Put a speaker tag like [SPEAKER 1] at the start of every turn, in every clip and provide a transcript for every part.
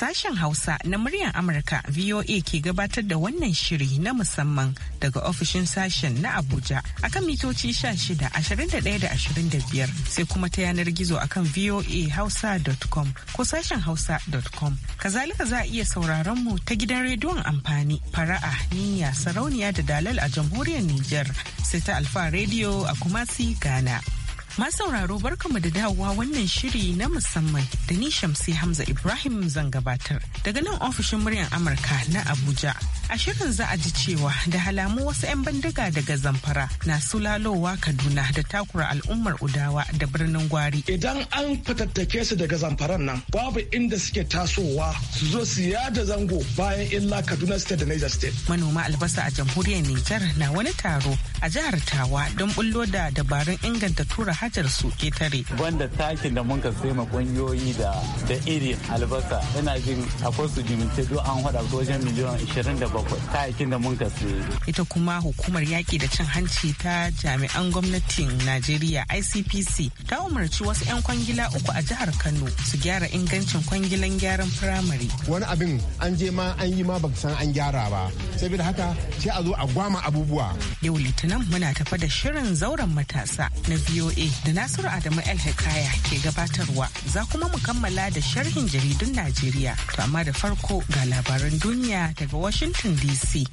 [SPEAKER 1] Sashen Hausa na muryar Amurka VOA ke gabatar da wannan shiri na musamman daga ofishin sashen na Abuja akan mitoci 16, 21 da 25 sai kuma ta yanar gizo akan voahausa.com ko sashen hausa.com. Kazalika za a iya sauraron mu ta gidan rediyon amfani fara'a niyya sarauniya da dalal a jamhuriyar Nijar sai ta Alfa Rediyo a Kumasi Ghana. Masauraro mu da dawowa wannan shiri na musamman da ni Shamsi Hamza Ibrahim zan gabatar daga nan ofishin muryar Amurka na Abuja. A shirin za a ji cewa da halamu wasu 'yan bandiga daga zamfara na sulalowa Kaduna da takura al'ummar Udawa da birnin Gwari. Idan an
[SPEAKER 2] fatattake su daga zamfaran nan babu inda suke tasowa su zo su
[SPEAKER 1] yada zango bayan illa Kaduna State da Niger State. Manoma albasa a jamhuriyar Nijar na wani taro a jihar Tawa don bullo da dabarun inganta tura hajar su
[SPEAKER 3] tare. Banda takin da muka sai ma kungiyoyi da da irin albasa ina jin akwai su jimince duk an hada wajen miliyan 27 takin da muka sai.
[SPEAKER 1] Ita kuma hukumar yaki da cin hanci ta jami'an gwamnatin Najeriya ICPC ta umarci wasu 'yan kwangila uku a jihar Kano su gyara ingancin kwangilan gyaran firamare. Wani abin an je ma an yi ma ba san an gyara ba. Saboda haka sai a zo a gwama abubuwa. Yau Litinin muna tafa da shirin zauren matasa na VOA da Nasiru Adamu El Hikaya ke gabatarwa za kuma mu kammala da sharhin jaridun Najeriya. To amma da farko ga labaran duniya daga Washington DC.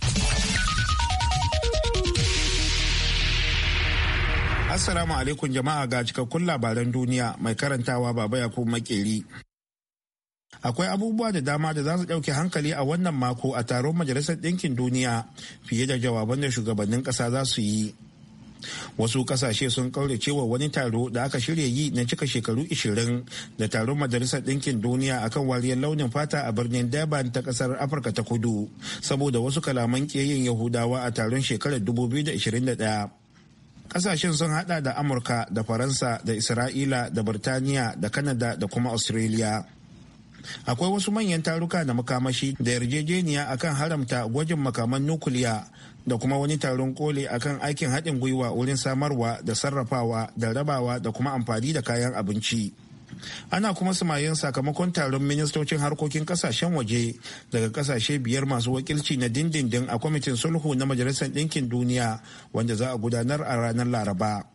[SPEAKER 4] Assalamu alaikum jama'a ga cikakkun labaran duniya mai karantawa Baba Yakubu Makeri. akwai abubuwa da dama da za su ɗauke hankali a wannan mako a taron majalisar ɗinkin duniya fiye da jawaban da shugabannin ƙasa za su yi wasu kasashe sun kaure cewa wani taro da aka shirya yi na cika shekaru 20 da taron majalisar ɗinkin duniya a kan wariyar launin fata a birnin durban ta ƙasar afirka ta kudu saboda wasu kalaman ƙeyin yahudawa a taron shekarar 2021 Kasashen sun hada da Amurka da Faransa da Isra'ila da Birtaniya da Kanada da kuma Australia. Akwai wasu manyan taruka na makamashi da yarjejeniya akan haramta gwajin makaman nukuliya da kuma wani taron koli akan aikin haɗin gwiwa wurin samarwa da sarrafawa da rabawa da kuma amfani da kayan abinci ana kuma sumayen sakamakon taron ministocin harkokin kasashen waje daga kasashe biyar masu wakilci na dindindin a kwamitin sulhu na majalisar ɗinkin duniya wanda za a gudanar a ranar laraba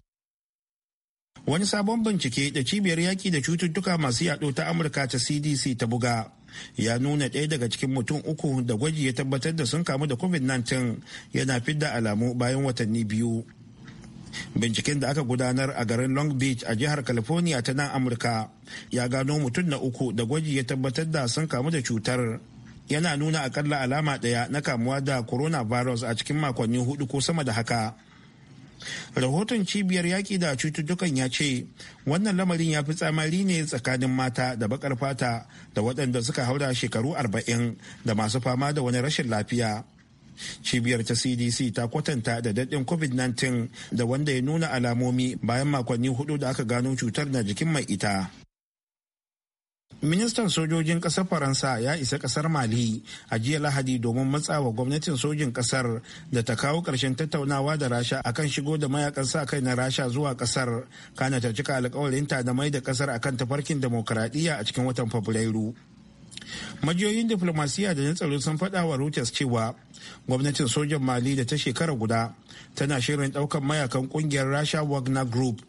[SPEAKER 4] wani sabon bincike da cibiyar yaƙi da cututtuka masu yaɗo ta amurka ta cdc ta buga ya nuna ɗaya daga cikin mutum uku da gwaji ya tabbatar da sun kamu da covid-19 yana fidda alamu bayan watanni biyu binciken da aka gudanar a garin long beach a jihar california ta nan amurka ya gano mutum na uku da gwaji ya tabbatar da sun kamu da cutar yana nuna akalla alama ɗaya na kamuwa da coronavirus a cikin makonni hudu ko sama da haka rahoton cibiyar yaƙi da cututtukan ya ce wannan lamarin ya fi tsamari ne tsakanin mata da baƙar fata da waɗanda suka haura shekaru 40 da masu fama da wani rashin lafiya cibiyar ta cdc ta kwatanta da daɗin covid-19 da wanda ya nuna alamomi bayan makonni hudu da aka gano cutar na jikin mai ita ministan sojojin ƙasar faransa ya isa ƙasar mali a jiya lahadi domin matsawa gwamnatin sojin ƙasar da ta kawo ƙarshen tattaunawa da rasha akan shigo da mayakan sa kai na rasha zuwa ƙasar kana ta cika ta da mai da ƙasar akan tafarkin demokaradiyya a cikin watan fabrairu majiyoyin diflomasiya da na tsaro sun faɗa wa reuters cewa gwamnatin sojan mali da ta shekara guda tana shirin ɗaukar mayakan ƙungiyar rasha wagner group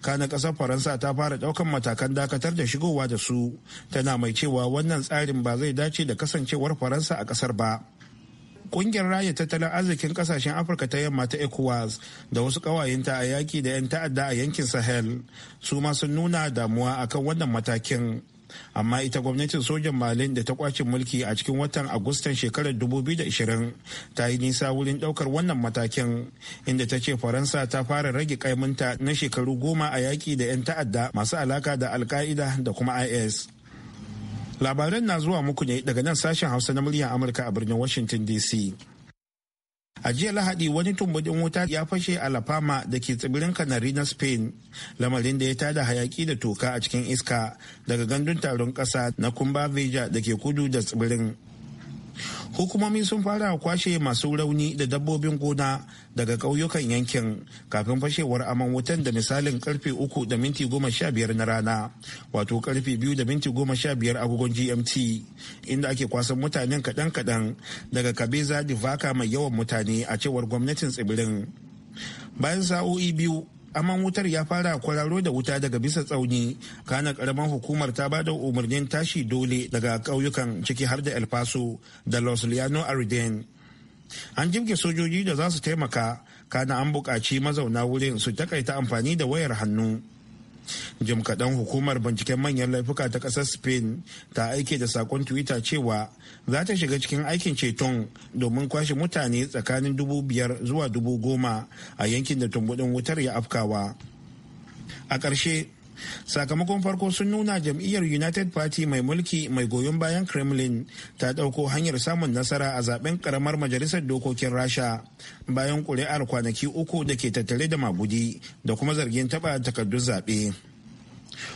[SPEAKER 4] kana kasar faransa ta fara ɗaukan matakan dakatar da shigowa da su tana mai cewa wannan tsarin ba zai dace da kasancewar faransa a kasar ba kungiyar raya tattalin arzikin kasashen afirka ta yamma ta ecowas da wasu kawayenta a yaki da 'yan ta'adda a yankin sahel su ma sun nuna damuwa akan wannan matakin amma ita gwamnatin sojan malin da ta kwace mulki a cikin watan agustan shekarar 2020 ta yi nisa wurin daukar wannan matakin inda ta ce faransa ta fara rage kaiminta na shekaru goma a yaƙi da 'yan ta'adda masu alaka da alka'ida da kuma is labaran na zuwa muku ne daga nan sashen hausa na muryar amurka a birnin washington dc a jiya lahadi wani tumbudin wuta ya fashe a lafama da ke tsibirin kanari na spain lamarin da ya tada hayaki da toka a cikin iska daga gandun taron kasa na kumba veja da ke kudu da tsibirin hukumomi sun fara kwashe masu rauni da dabbobin gona daga ƙauyukan yankin kafin fashewar aman wutan da misalin karfe uku da minti 15 na rana wato karfe biyu da minti goma agogon gmt inda ake kwasan mutanen kaɗan-kaɗan daga kabeza divaka mai yawan mutane a cewar gwamnatin tsibirin bayan sa'o'i biyu aman wutar ya fara kwararo da wuta daga bisa tsauni kana karamar hukumar ta bada umarnin tashi dole daga ƙauyukan ciki har da el paso da los liano arden an jibge sojoji da za su taimaka kana an buƙaci mazauna wurin su takaita amfani da wayar hannu jim kaɗan hukumar binciken manyan laifuka ta ƙasar spain ta aike da sakon twitter cewa za ta shiga cikin aikin ceton domin kwashe mutane tsakanin dubu biyar zuwa dubu goma a yankin da tumbuɗin wutar ya afkawa a ƙarshe sakamakon farko sun nuna jam'iyyar united party mai mulki mai goyon bayan kremlin ta ɗauko hanyar samun nasara a zaben karamar majalisar dokokin rasha bayan ƙuri'ar kwanaki uku da ke tattare da magudi da kuma zargin taba takardun zaɓe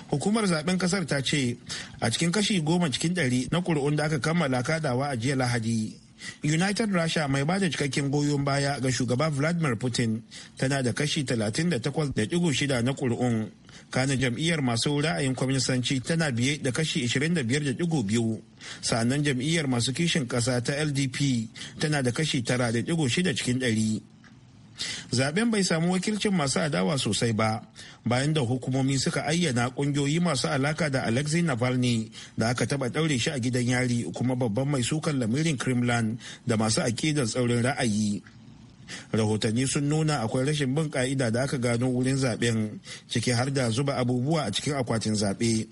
[SPEAKER 4] hukumar zaben kasar ta ce a cikin kashi goma cikin ɗari na ƙuri'un da aka kammala kadawa a jiya lahadi united russia mai bada cikakken goyon baya ga shugaba vladimir putin tana da kashi 38.6 na ƙuri'un kana jam'iyyar masu ra'ayin kwaminisanci tana biye da kashi 25.2 sannan jam'iyyar masu kishin ƙasa ta ldp tana da kashi 9.6 cikin ɗari. zaben bai samu wakilcin masu adawa sosai ba bayan da hukumomi suka ayyana kungiyoyi masu alaka da alexei navalny da aka taba daure shi a gidan yari kuma babban mai sukan lamirin kremlin da masu akidar tsaurin ra'ayi rahotanni sun nuna akwai rashin bin ka'ida da aka gano wurin zaben ciki har da zuba abubuwa a cikin akwatin zaɓe.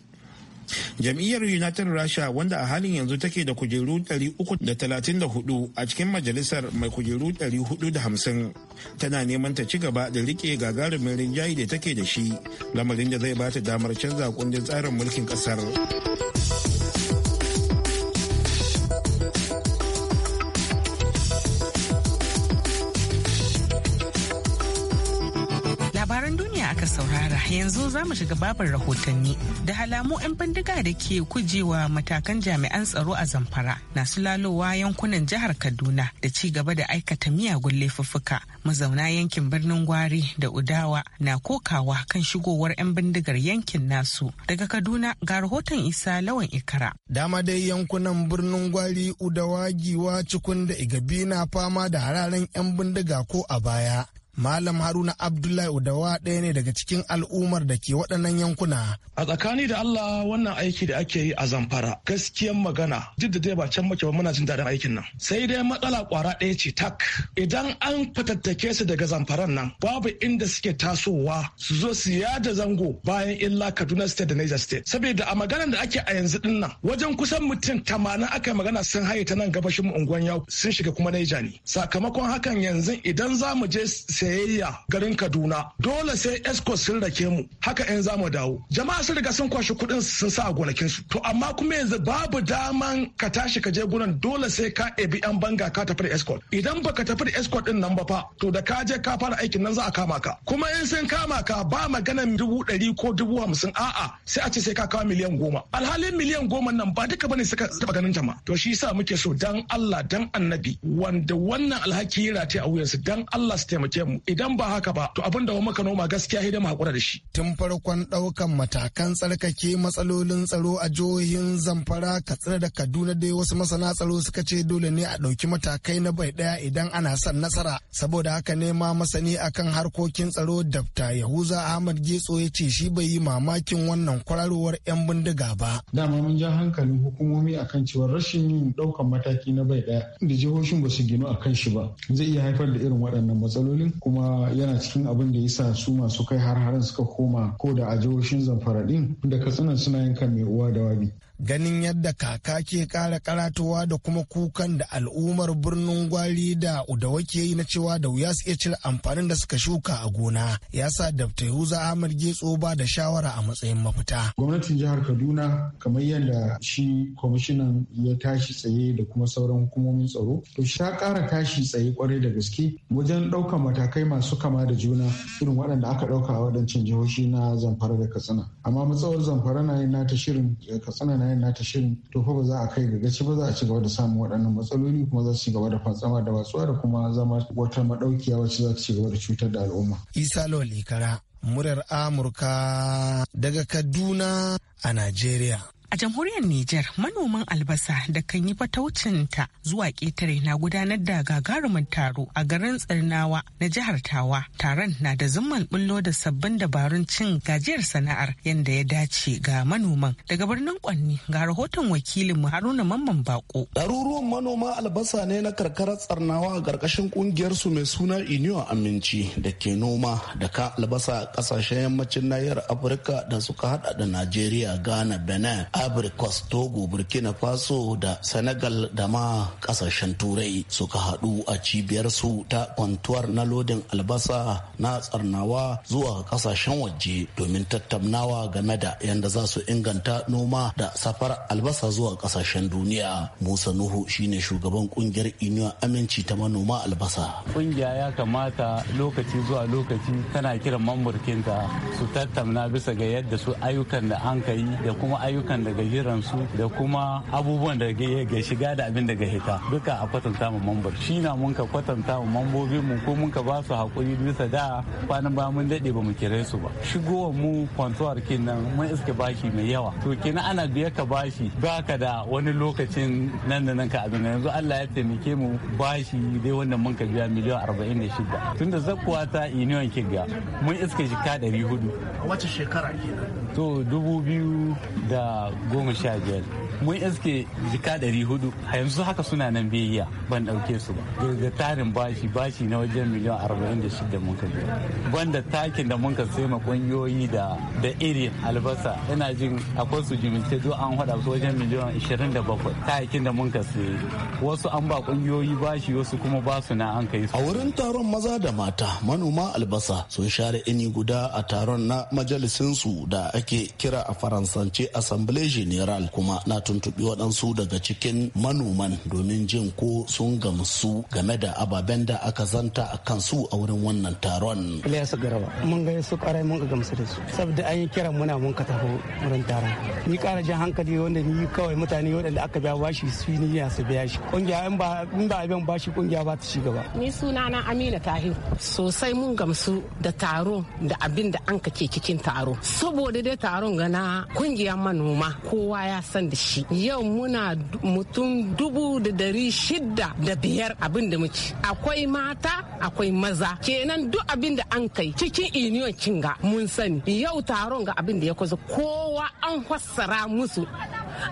[SPEAKER 4] jam'iyyar united russia wanda a halin yanzu take da kujeru 334 a cikin majalisar mai kujeru 450 tana neman ta ci gaba da rike gagarumin rinjayi da take da shi lamarin da zai bata damar canza kundin tsarin mulkin kasar.
[SPEAKER 1] aka saurara yanzu za mu shiga babar rahotanni da halamu 'yan bindiga da ke kujewa matakan jami'an tsaro a zamfara na su lalowa yankunan jihar kaduna da ci gaba da aikata miyagun laifuffuka mazauna yankin birnin gwari da udawa na kokawa kan shigowar 'yan bindigar yankin nasu daga kaduna ga rahoton isa lawan ikara
[SPEAKER 5] dama dai yankunan birnin gwari udawa giwa cikun da igabi na fama da hararen 'yan bindiga ko a baya Malam Haruna Abdullahi Udawa ɗaya ne daga cikin al'ummar da ke waɗannan yankuna.
[SPEAKER 2] A tsakani da Allah wannan aiki da ake yi a Zamfara gaskiyan magana duk da dai ba can muke ba muna jin daɗin aikin nan. Sai dai matsala ƙwara ɗaya ce tak. Idan an fatattake su daga Zamfaran nan babu inda suke tasowa su zo su yada zango bayan illa Kaduna State da Niger State. Saboda a maganar da ake a yanzu ɗin nan wajen kusan mutum tamanin aka magana sun haye ta nan gabashin unguwan yau sun shiga kuma Niger ne. Sakamakon hakan yanzu idan za mu je sayayya garin Kaduna dole sai Esco sun rake mu haka yan zamu dawo jama'a sun riga sun kwashi kuɗin sun sa a gonakin su to amma kuma yanzu babu daman ka tashi ka je gunan dole sai ka ebi yan banga ka tafi da escort idan baka tafi da escort din nan ba fa to da ka je ka fara aikin nan za a kama ka kuma in sun kama ka ba magana dubu ɗari ko dubu hamsin a'a sai a ce sai ka kawo miliyan goma alhalin miliyan goma nan ba duka bane suka taba ganin ta ma to shi yasa muke so dan Allah dan annabi wanda wannan alhaki ya rataya a su dan Allah su taimake mu idan ba haka ba to abin da wa maka noma gaskiya hidima hakura da shi tun farkon daukan matakan tsarkake
[SPEAKER 5] matsalolin tsaro a jihohin zamfara katsina da kaduna dai wasu masana tsaro suka ce dole ne a ɗauki matakai na bai ɗaya idan ana son nasara saboda haka ne ma masani akan harkokin tsaro dabta yahuza ahmad getso ya ce shi bai yi mamakin wannan kwararowar 'yan bindiga ba dama mun ja hankalin hukumomi akan cewa rashin yin ɗaukan mataki na bai ɗaya da jihohin ba su ginu akan shi ba zai iya haifar da irin waɗannan matsalolin kuma yana cikin abin da yasa su masu kai har harin suka koma ko da a jihohin zamfara din da katsina suna yin kan mai uwa da wabi ganin yadda kaka ke kara karatuwa da kuma kukan da al'ummar birnin gwari da udawa ke yi na cewa da wuya su iya cire amfanin da suka shuka a gona ya sa dabta yahuza ahmad getso ba da shawara a matsayin mafita gwamnatin jihar kaduna kamar yadda shi kwamishinan ya tashi tsaye da kuma sauran hukumomin tsaro to sha kara tashi tsaye kwarai da gaske wajen ɗaukar matakai masu kama da juna irin waɗanda aka ɗauka a waɗancan jihohi na zamfara da katsina amma matsawar zamfara na yin nata shirin eh, katsina na na nata shirin to fa ba za a kai ga gaci ba za a ci gaba da samun waɗannan matsaloli kuma za su ci gaba da fatsama da watsuwa da kuma zama wata madaukiya wacce za ta ci gaba da cutar da al'umma. Isa Lawal Ikara, murar Amurka daga Kaduna a
[SPEAKER 1] Najeriya. A jamhuriyar Nijar manoman albasa da kan yi fataucinta zuwa ƙetare na gudanar da gagarumin taro a garin Tsirnawa na jihar Tawa. Taron na da zumman bullo da sabbin dabarun cin gajiyar sana'ar yadda ya dace ga manoman. Daga birnin Kwanni ga rahoton wakilin Haruna Mamman Bako.
[SPEAKER 6] Ɗaruruwan manoma albasa ne na karkarar Tsarnawa a ƙarƙashin ƙungiyar su mai suna Iniyo Aminci da ke noma da ka albasa ƙasashen yammacin nahiyar Afirka da suka haɗa da Najeriya, Ghana, Benin, ivory coast togo burkina faso da senegal da ma kasashen turai suka haɗu a cibiyar su ta kwantuwar na lodin albasa na tsarnawa zuwa kasashen waje domin tattaunawa game da yadda za su inganta noma da safar albasa zuwa kasashen duniya musa nuhu shine shugaban kungiyar inuwa aminci ta manoma albasa
[SPEAKER 3] kungiya ya kamata lokaci zuwa lokaci tana kiran mamurkinta su tattauna bisa ga yadda su ayyukan da an da kuma ayyukan da daga hiransu da kuma abubuwan da ga shiga da abin daga hita duka a kwatanta mu mambar shi na mun ka kwatanta mu mambobin mu ko mun ka ba su hakuri bisa da kwanan ba mun dade ba mu kire su ba shigowar mu kwantuwar kenan mun iske bashi mai yawa to kina ana biya ka bashi ba ka da wani lokacin nan da nan ka abin yanzu Allah ya taimake mu bashi dai wannan mun ka biya miliyan 46 tunda zakkuwa ta union kiga mun iske jika 400 wace shekara kenan to dubu biyu da goma sha mun iske jika dari hudu a yanzu haka suna nan biyayya ban ɗauke su ba daga tarin bashi bashi na wajen miliyan arba'in da shida mun kai da takin da mun ka sai ma kungiyoyi da da irin albasa ina jin akwai su jimince do an hada su wajen miliyan ishirin da bakwai takin da mun ka sai wasu an ba kungiyoyi bashi wasu kuma ba su na an kai su. a wurin taron maza da mata manoma albasa
[SPEAKER 6] sun share ini guda a taron na majalisinsu da ake kira a faransance assemblée générale kuma na tuntuɓi waɗansu daga cikin manoman domin jin ko sun gamsu game da ababen da aka zanta a kansu a wurin wannan taron. Ilyasu Garba, mun ga su ƙarai mun gamsu da su. Saboda an yi kiran muna mun ka taho wurin taron. Ni ƙara jan hankali wanda ni kawai mutane waɗanda aka biya bashi su yi niyya su biya shi. Ƙungiya in ba in ba abin bashi ƙungiya ba ta ci gaba.
[SPEAKER 1] Ni suna na Amina Tahiru. Sosai mun gamsu da taro da abin da an ka ke cikin taro. Saboda dai taron gana ƙungiyar manoma kowa ya san da shi ci yau muna mutum dubu da dari shida da biyar abin da muke akwai mata akwai maza kenan duk abin da an kai cikin union kinga mun sani yau taron ga abin da ya kusa kowa an fassara musu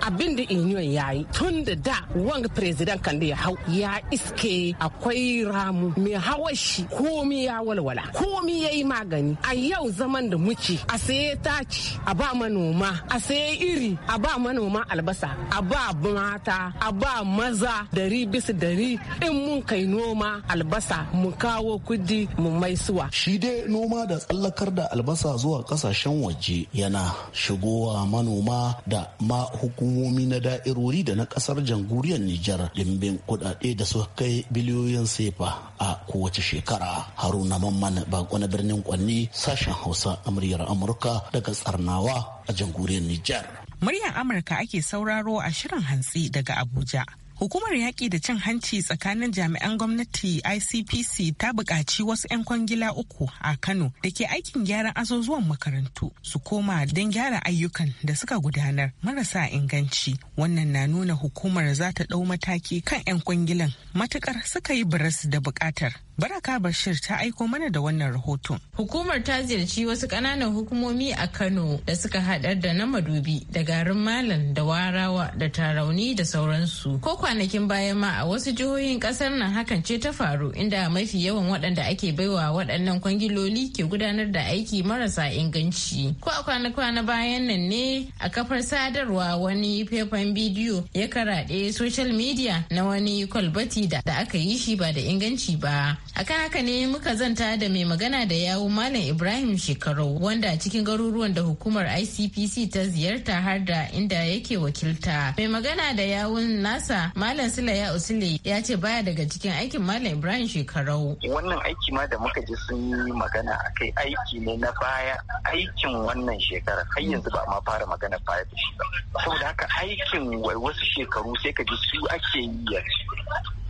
[SPEAKER 1] abin da union ya yi tun da da wanga president kan da ya hau ya iske akwai ramu mai hawa komi ya walwala komi ya yi magani a yau zaman da muke a saye taci a ba manoma a saye iri a ba manoma albasa a ba mata a ba maza dari bisa dari in mun kai noma albasa mu kawo kudi mu mai suwa. shi dai
[SPEAKER 6] noma da tsallakar da albasa zuwa kasashen waje yana shigowa manoma da ma hukumomi na da'irori da na kasar jamhuriyar Nijar limbin kudade da suka kai biliyoyin sefa a kowace shekara. Haruna Mamman bako na birnin Kwanni sashen Hausa amuryar Amurka daga Tsarnawa a jamhuriyar Nijar.
[SPEAKER 1] Muryar Amurka ake sauraro a shirin hantsi daga Abuja. Hukumar yaƙi da cin hanci tsakanin jami'an gwamnati ICPC ta buƙaci wasu 'yan kwangila uku a Kano da ke aikin gyaran azuzuwan makarantu su koma don gyara ayyukan da suka gudanar marasa inganci. Wannan na nuna hukumar za ta ɗau mataki kan 'yan kwangilan matuƙar suka yi baras da buƙatar Baraka Bashir ta aiko mana da wannan rahoton.
[SPEAKER 7] Hukumar ta ziyarci wasu ƙananan hukumomi a Kano da suka haɗar da na madubi da garin malam da warawa da tarauni da sauransu. Ko kwanakin baya ma a wasu jihohin ƙasar nan hakan ce ta faru inda mafi yawan waɗanda ake baiwa waɗannan kwangiloli ke gudanar da aiki marasa inganci. Ko a kwana-kwana bayan nan ne a kafar sadarwa wani faifan bidiyo ya karaɗe social media na wani kwalbati da aka yi shi ba da inganci ba. akan haka ne muka zanta da mai magana da yawo malam ibrahim shekarau wanda cikin garuruwan da hukumar icpc ta ziyarta har da inda yake wakilta mai magana da yawun nasa malam ya usule ya ce baya daga cikin aikin malam ibrahim shekarau
[SPEAKER 6] wannan aiki ma da muka ji sun yi magana akai aiki ne na baya aikin wannan shekara har yanzu ba ma fara magana baya da shi ba saboda haka aikin wasu shekaru sai ka ji su ake yi yanzu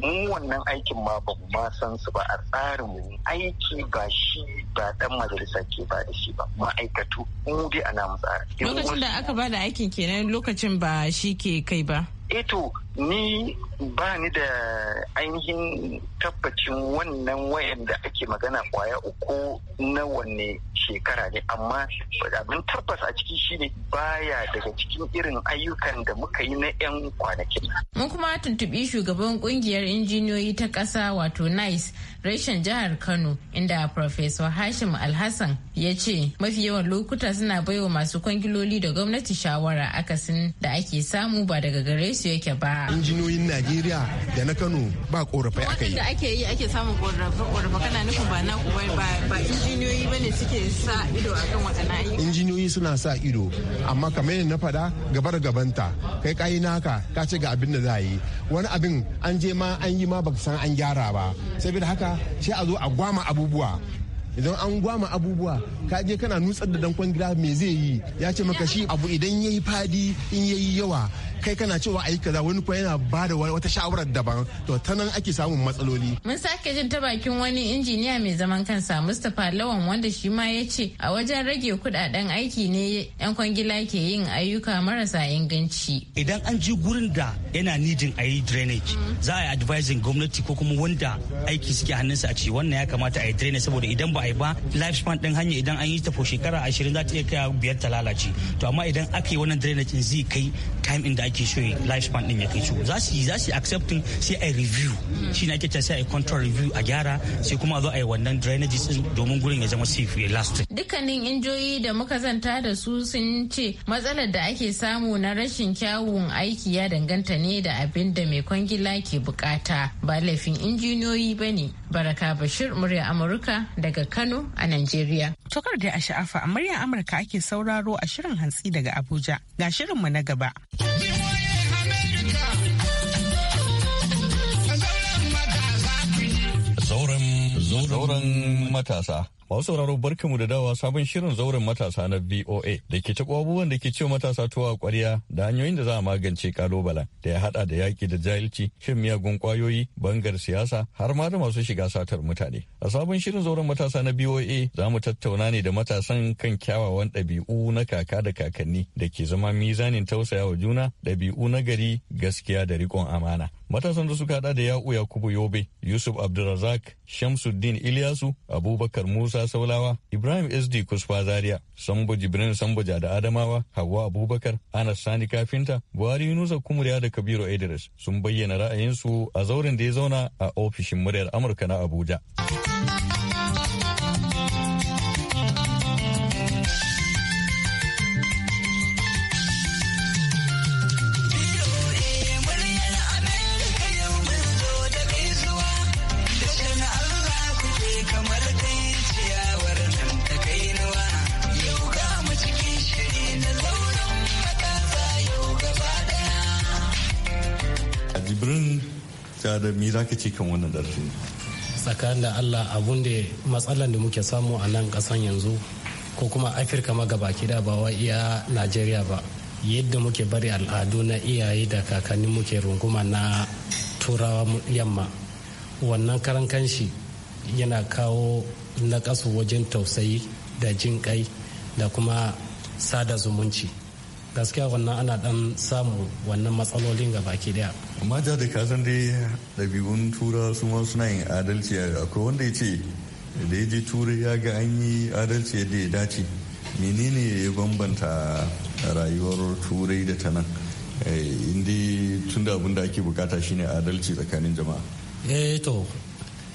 [SPEAKER 6] mu wannan aikin ma ba ma san su ba a tsarin mu aiki ba shi ba dan majalisa ke ba da shi ba ma'aikatu mu dai ana mu tsara lokacin
[SPEAKER 7] da aka ba da aikin kenan lokacin ba shi ke kai ba
[SPEAKER 6] eto eh ni ba ni da ainihin tabbacin wannan wayan da ake magana kwaya uku na wanne shekara ne amma abin tabbas a ciki shine baya daga cikin irin ayyukan da muka yi na 'yan kwanakin.
[SPEAKER 7] Mun kuma tuntubi shugaban kungiyar injiniyoyi ta ƙasa wato NICE reshen jihar Kano inda Professor Hashim Alhassan ya ce mafi yawan lokuta suna baiwa masu kwangiloli da gwamnati shawara akasin da ake samu ba daga gare su yake ba.
[SPEAKER 8] Injiniyoyin Najeriya da na Kano ba korafai a kai.
[SPEAKER 7] Wanda ake yi ake samun korafe kana nufin ba naku ba ba injiniyoyi ba ne suke sa ido a kan waɗannan ayyuka.
[SPEAKER 8] Injiniyoyi suna sa ido amma kamar yadda na faɗa gabar gabanta kai kayi naka ka ce ga abin da za a yi wani abin an je ma an yi ma ka san an gyara ba saboda haka sai a zo a gwama abubuwa idan an gwama abubuwa ka je kana nutsar da dankon gida me zai yi ya ce maka shi abu idan yayi fadi in yayi yawa kai kana cewa ayi kaza wani kuma yana ba da wata shawarar daban to ta nan ake samun matsaloli
[SPEAKER 7] mun sake jin ta bakin wani injiniya mai zaman kansa Mustapha Lawan wanda shi ma ya ce a wajen rage kudaden aiki ne yan kwangila ke yin ayyuka marasa inganci
[SPEAKER 3] idan an ji gurin da yana nijin a yi drainage mm. za a yi advising gwamnati ko kuma wanda aiki suke hannunsa a ce wannan ya kamata a yi drainage saboda idan ba yi ba lifespan din hanya idan an yi ta shekara ashirin za ta iya kai biyar ta lalace to amma idan aka yi wannan drainage zai kai time inda ake so lifespan din ya kai so za su yi za su accepting sai a review shi na ake sai a control review a gyara sai kuma a zo a yi wannan drainage din domin gurin ya zama
[SPEAKER 9] safe ya last
[SPEAKER 7] dukkanin injoyi da muka zanta da su sun ce matsalar da ake samu na rashin kyawun aiki ya danganta ne da abin da mai kwangila ke bukata ba laifin injiniyoyi bane baraka bashir murya amurka daga Kano a
[SPEAKER 1] Najeriya. Tokar da a sha'afa a muryar Amurka ake sauraro a shirin hantsi daga Abuja. Ga shirin mu na gaba.
[SPEAKER 10] Zauren matasa. Masu sauraro barkamu da dawa sabon shirin zauren matasa na VOA da ke taɓa abubuwan da ke ce matasa tuwa ƙwarya da hanyoyin da za a magance ƙalubala da ya haɗa da yaƙi da jahilci, shan miyagun ƙwayoyi, bangar siyasa har ma da masu shiga satar mutane. A sabon shirin zauren matasa na VOA za mu tattauna ne da matasan kan kyawawan ɗabi'u na kaka da kakanni da ke zama mizanin tausayawa juna, ɗabi'u na gari, gaskiya da riƙon amana. Matasan da suka hada da Ya'u Yakubu Yobe, Yusuf Abdulrazak, Shamsuddin Ilyasu, Abubakar Musa Saulawa, Ibrahim SD Kusfa Zaria, Sambo Jibrin Samboja da Adamawa, hawa Abubakar, Anas Sani Kafinta, Buhari Yunusa Kumuriya da Kabiru Idris sun bayyana ra'ayinsu a zauren da ya zauna a ofishin muryar Amurka na Abuja. da mi za ka ce kan wannan darasi
[SPEAKER 9] tsakanin da allah abun da matsalan da muke samu a nan kasan yanzu ko kuma afirka magabaki da ba wa iya najeriya ba yadda muke bari al'adu na iyaye da kakanni muke runguma na turawa yamma wannan karankanshi yana kawo nakasu wajen tausayi da jin kai da kuma sada zumunci gaskiya wannan ana dan samu wannan matsalolin ga baki daya
[SPEAKER 10] mata da kasan dai dabi'un tura su ma suna yin adalci akwai wanda ya ce da ya je tura ya ga an yi adalci yadda ya dace menene ya bambanta rayuwar turai da ta nan eh, inda tun da abin da ake bukata shine adalci tsakanin jama'a
[SPEAKER 9] eh to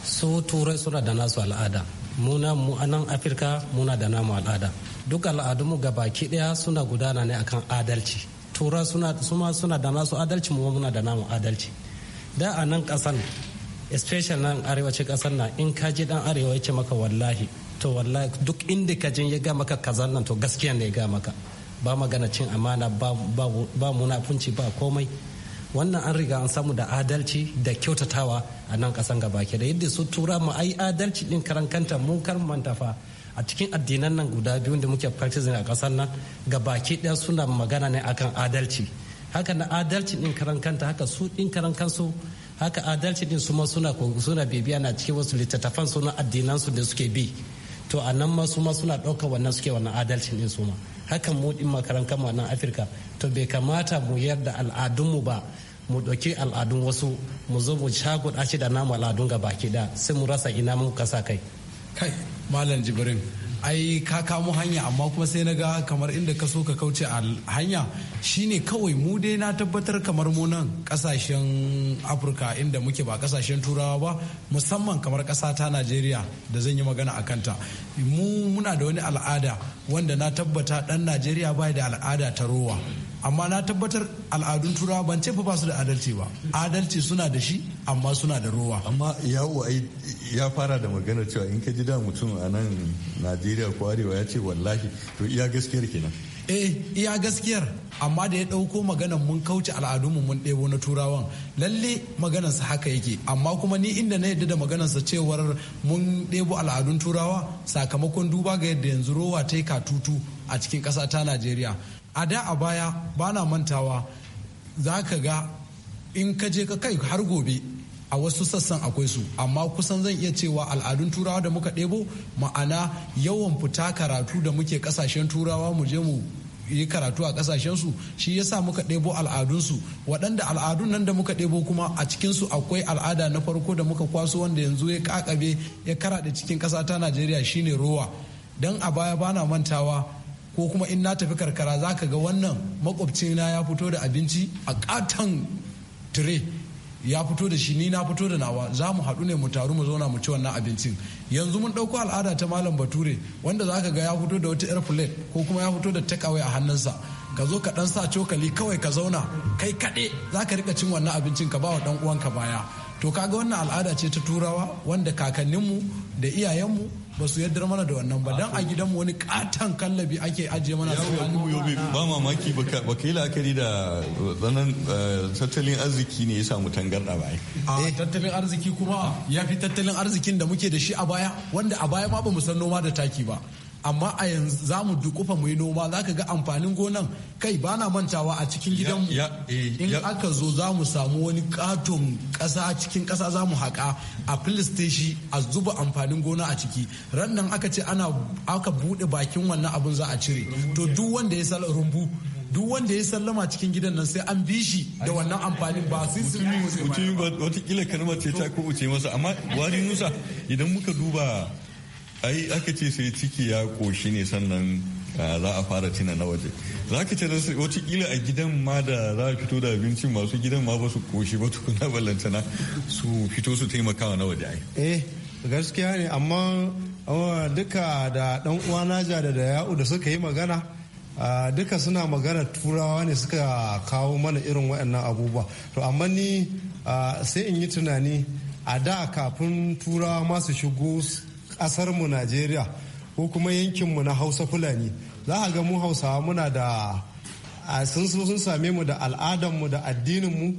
[SPEAKER 9] su turai suna da nasu al'ada muna mu a afirka muna da namu al'ada duk al'adunmu ga baki daya suna gudana ne akan adalci tura suna suma suna da nasu adalci mu muna da namu adalci da a nan kasan special nan arewacin kasan na in ka ji dan arewa yace maka wallahi to wallahi duk inda ka ji ya ga maka kaza nan to gaskiya ne ya ga maka ba magana cin amana ba ba munafunci ba komai wannan an riga an samu da adalci da kyautatawa a nan kasan gabaki da yadda su tura mu ai adalci din karan kanta mun kar manta fa a cikin addinan nan guda biyu da muke practicing a kasar nan ga baki ɗaya suna magana ne akan adalci haka na adalci din karan kanta haka su din karan kansu haka adalci din su ma suna suna bibiya na cikin wasu littattafan suna addinan su da suke bi to a nan ma su ma suna ɗaukar wannan suke wannan adalcin din su ma hakan mu din makaran kan wannan afirka to bai kamata mu yarda al'adunmu ba mu ɗauki al'adun wasu mu zo mu shagu da namu al'adun ga baki ɗaya, sai mu rasa ina mu kasa kai
[SPEAKER 11] malam jibrin ai ka kamo hanya amma kuma sai na ga kamar inda ka so ka kauce a hanya shine kawai mu dai na tabbatar kamar mu nan kasashen afirka inda muke ba kasashen turawa ba musamman kamar kasa ta najeriya da zan yi magana a kanta mu muna da wani al'ada wanda na tabbata dan najeriya bai da al'ada ta rowa amma na tabbatar al'adun turawa ban ce fa ba su da adalci ba adalci suna da shi amma suna
[SPEAKER 10] da ruwa. amma yawo ai ya fara da magana cewa in ka ji da mutum a nan najeriya ko arewa ya ce wallahi to iya gaskiyar kenan eh iya gaskiyar amma
[SPEAKER 11] da ya ɗauko maganan mun kauce al'adunmu mun ɗebo na turawan lalle maganansa haka yake amma kuma ni inda na yadda da maganansa cewar mun ɗebo al'adun turawa sakamakon duba ga yadda yanzu rowa ta yi katutu a cikin kasa ta najeriya a da a baya ba na mantawa za ka ga in ka je ka kai har gobe a wasu sassan akwai su amma kusan zan iya cewa al'adun turawa da muka ɗebo ma'ana yawan fita karatu da muke kasashen turawa mu je mu yi karatu a kasashen su shi yasa muka ɗebo al'adunsu waɗanda al'adun nan da muka ɗebo kuma a cikinsu akwai al'ada na farko da muka kwaso wanda yanzu ya kakabe ya karaɗe cikin ƙasa ta najeriya shine rowa don a baya bana mantawa ko kuma in na tafi karkara za ka ga wannan makwabcina ya fito da abinci a katon tire ya fito da shi ni na fito da nawa za mu haɗu ne mu taru mu zauna mu ci wannan abincin yanzu mun ɗauko al'ada ta malam bature wanda za ka ga ya fito da wata air plate ko kuma ya fito da take a hannunsa ka zo ka ɗan sa cokali kawai ka zauna kai kaɗe za ka riƙa cin wannan abincin ka ba wa ɗan uwanka baya to kaga wannan al'ada ce ta turawa wanda kakanninmu da iyayenmu ba su yardar mana da wannan ba dan a gidanmu wani katon kallabi ake ajiye mana su
[SPEAKER 10] ba mamaki ba ka yi la'akari da tsanan eh, eh, tattalin arziki ne ya samu tangarda ba
[SPEAKER 11] a tattalin arziki kuma ya fi tattalin arzikin da muke da shi a baya wanda a baya ma ba mu san noma da taki ba amma a yanzu za mu dukufa mu yi noma za ka ga amfanin gonan kai ba na mantawa a cikin gidanmu eh, in aka zo za mu samu wani katon ƙasa cikin ƙasa za mu haƙa a filiste shi a zuba amfanin gona a ciki ran nan aka ce ana aka buɗe bakin wannan abin za a cire to duk wanda ya sal rumbu duk wanda ya sallama
[SPEAKER 10] cikin gidan nan sai an bi shi da wannan amfanin ba sai sun yi kila kalmar ce ta ko uce masa amma wari nusa idan muka duba ai aka ce sai ciki ya koshi ne sannan za a fara tina na waje za ka ce watakila a gidan ma da za a fito da abinci masu gidan ma ba su koshi ba tukuna ballantana su fito su taimakawa na waje
[SPEAKER 8] eh gaskiya ne amma duka da dan uwa naja da da ya'u da suka yi magana duka suna magana turawa ne suka kawo mana irin waɗannan abubuwa to amma ni sai in yi tunani a da kafin turawa masu shigo ƙasarmu najeriya ko kuma yankinmu na hausa fulani za a ga mu hausawa muna da sun sun same mu da al'adarmu da addininmu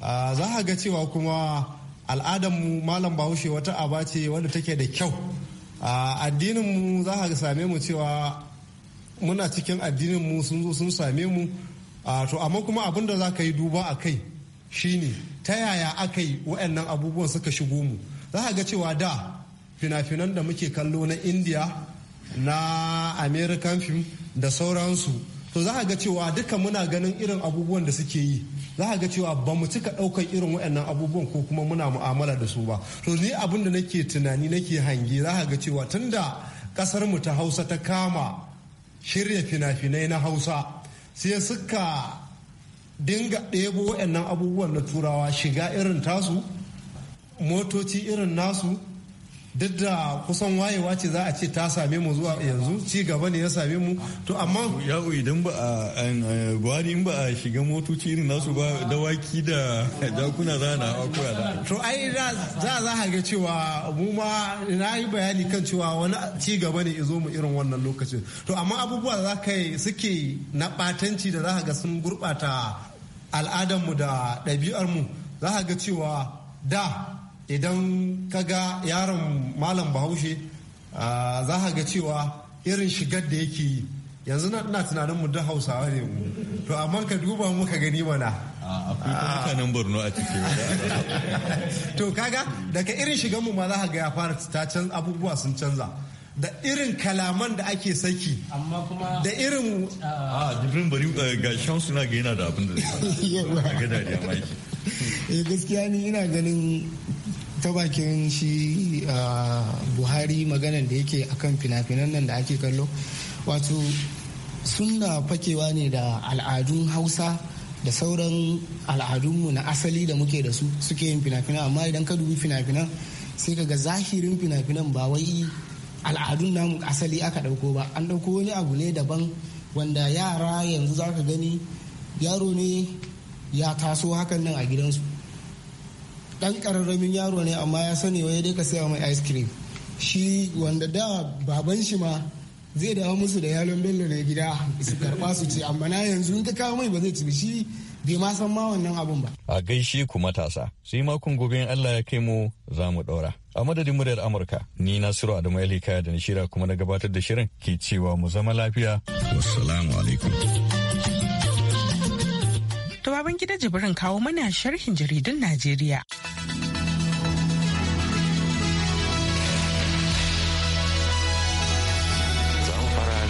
[SPEAKER 8] za a ga cewa kuma al'adarmu malam bahaushe wata aba ce wadda take da kyau addininmu za a same mu cewa muna cikin addininmu sun zo sun same mu to amma kuma abin da za ka yi duba a kai shine ta yaya aka yi waɗannan abubuwan suka shigo mu za a ga cewa da fina-finan da muke kallo na india na american film da sauransu to za a ga cewa duka muna ganin irin abubuwan da suke yi za a ga cewa ba mu cika ɗaukar irin waɗannan abubuwan ko kuma muna mu'amala da su ba to ni abin da nake tunani nake hange za a ga cewa tunda ƙasar mu ta hausa ta kama shirya fina-finai na hausa sai suka dinga ɗebo waɗannan abubuwan na turawa shiga irin tasu motoci irin nasu duk da kusan wayewa ce za a ce ta same mu
[SPEAKER 10] zuwa yanzu ci gaba ne ya same mu to amma yawo idan ba a gwari in ba a shiga motoci irin nasu ba dawaki da dakuna za na koya da to ai za
[SPEAKER 8] za ga cewa mu ma na yi bayani kan cewa wani ci gaba ne zo mu irin wannan lokacin to amma abubuwa za ka suke na batanci da za ga sun gurbata al'adarmu da ɗabi'armu za ga cewa da idan ka ga yaron malam bahaushe za ka ga cewa irin shigar da yake yi yanzu na ina tunanin mu duk hausawa ne mu to amma ka duba mu ka gani mana
[SPEAKER 10] akwai mutanen borno a ciki
[SPEAKER 8] to kaga daga irin shigar mu ma za ka ga ya fara ta abubuwa sun canza da irin kalaman da ake saki amma kuma da irin
[SPEAKER 10] a jibrin bari eh, ga shan suna ga yana da abin da zai maki
[SPEAKER 8] eh, gaskiya ne ina ganin
[SPEAKER 5] ta bakin shi buhari magana da yake akan fina-finan nan da ake kallo wato suna fakewa ne da al'adun hausa da sauran al'adunmu na asali da muke da su suke yin fina-finan amma idan ka dubi fina-finan sai ka ga zahirin fina-finan ba wai al'adun namu asali aka dauko ba an dauko wani abu ne daban wanda yara yanzu za ka gani yaro ne ya taso hakan nan a gidansu dan kararramin yaro ne amma ya sani wai dai ka saya mai ice cream shi wanda da baban shi ma zai dawo musu da yalon bello na gida su karba su ce amma na yanzu in ka kawo mai ba zai ci shi bai ma san ma wannan abun ba.
[SPEAKER 10] A gaishe ku matasa, sai makon gobe in Allah ya kai mu za mu ɗora. A madadin muryar Amurka, ni Nasiru Adamu Ali Kaya da Nishira kuma na gabatar da shirin ke cewa mu zama lafiya. assalamu alaikum.
[SPEAKER 1] To baban gida jibirin kawo mana sharhin jaridun Najeriya.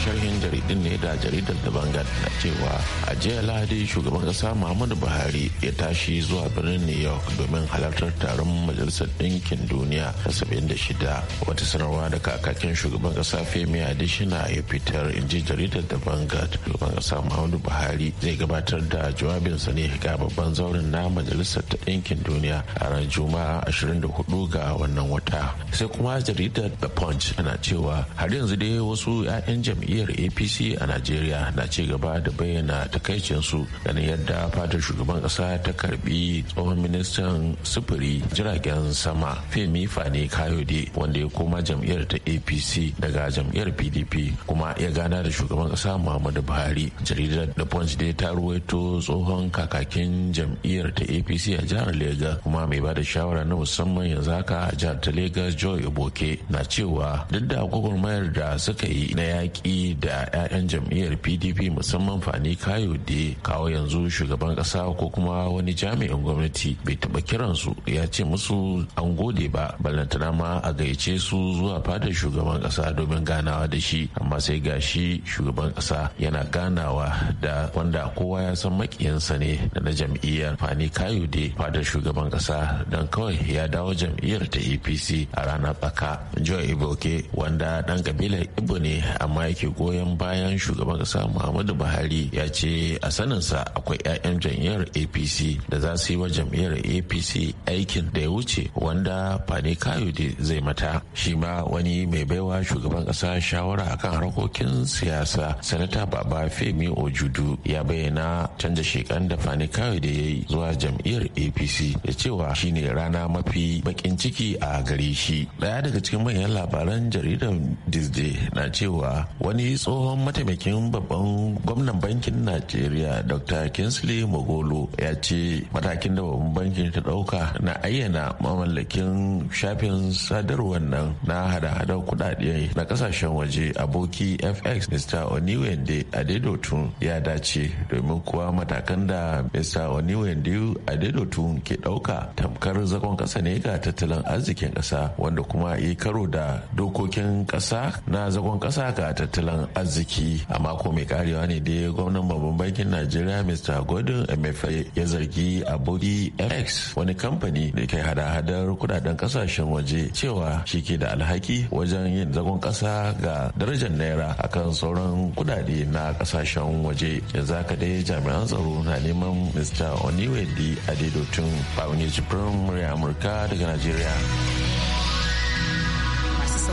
[SPEAKER 12] sharhin jaridun ne da jaridar da bangar na cewa a jiya lahadi shugaban kasa muhammadu buhari ya tashi zuwa birnin new york domin halartar taron majalisar ɗinkin duniya a 76 wata sanarwa da kakakin shugaban kasa femi adishina ya fitar in ji jaridar da bangar shugaban kasa muhammadu buhari zai gabatar da jawabinsa ne ga babban zauren na majalisar ta ɗinkin duniya a ran juma'a 24 ga wannan wata sai kuma jaridar the punch tana cewa har yanzu dai wasu 'ya'yan jam'iyyar jam'iyyar apc a najeriya na ci gaba da bayyana takaicinsu ganin yadda fadar shugaban kasa ta karbi tsohon ministan sufuri jiragen sama femi fani kayode wanda ya koma jam'iyyar ta apc daga jam'iyyar pdp kuma ya gana da shugaban kasa muhammadu buhari jaridar da punch dai ta ruwaito tsohon kakakin jam'iyyar ta apc a jihar lagos kuma mai ba da shawara na musamman yanzu haka a jihar ta lagos joy iboke na cewa duk da gwagwarmayar da suka yi na yaƙi yi da 'ya'yan jam'iyyar pdp musamman fani kayo da kawo yanzu shugaban kasa ko kuma wani jami'in gwamnati bai taba kiran su ya ce musu an gode ba ballantana ma a gayyace su zuwa fadar shugaban kasa domin ganawa da shi amma sai gashi shugaban kasa yana ganawa da wanda kowa ya san makiyansa ne da na jam'iyyar fani kayo da fadar shugaban kasa don kawai ya dawo jam'iyyar ta apc a ranar tsaka joy iboke wanda dan kabilar ibo ne amma yake goyon bayan shugaban kasa muhammadu buhari ya ce a saninsa akwai 'ya'yan jam'iyyar apc da za su yi wa jam'iyyar apc aikin da ya wuce wanda fani kayode zai mata shi ma wani mai baiwa shugaban kasa shawara akan harkokin siyasa sanata baba femi ojudu ya bayyana canza shekan da fani kayode ya yi zuwa jam'iyyar apc da cewa shine rana mafi bakin ciki a gare shi daya daga cikin manyan labaran jaridar disney na cewa wani tsohon mataimakin babban gwamnan bankin najeriya dr kinsley mogolo ya ce matakin da babban bankin ta dauka na ayyana mamallakin shafin sadarwar nan na hada-hadar kudade na kasashen waje aboki fx mr oniwende adedotun ya dace domin kuwa matakan da mr oniwende adedotun ke dauka tamkar zagon kasa ne ga tattalin arzikin kasa wanda kuma yi karo da dokokin kasa na zagon kasa ga tattalin tattalin arziki a mako mai karewa ne dai gwamnan babban bankin najeriya mr gordon mfa ya zargi aboki fx wani kamfani da kai hada-hadar kudaden kasashen waje cewa shi ke da alhaki wajen yin zagon kasa ga darajar naira akan sauran kudade na kasashen waje yanzu haka dai jami'an tsaro na neman mr oniwedi adedotun babangiji jibrin murya amurka daga najeriya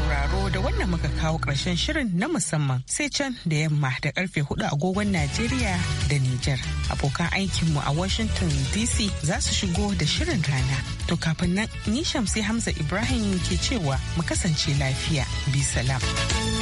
[SPEAKER 1] sauraro da wannan muka kawo ƙarshen shirin na musamman sai can da yamma da karfe hudu agogon Najeriya da Nijar. Abokan aikinmu a Washington DC za su shigo da shirin rana. To kafin nan, ni Shamsi Hamza Ibrahim ke cewa mu kasance lafiya. Bi salam.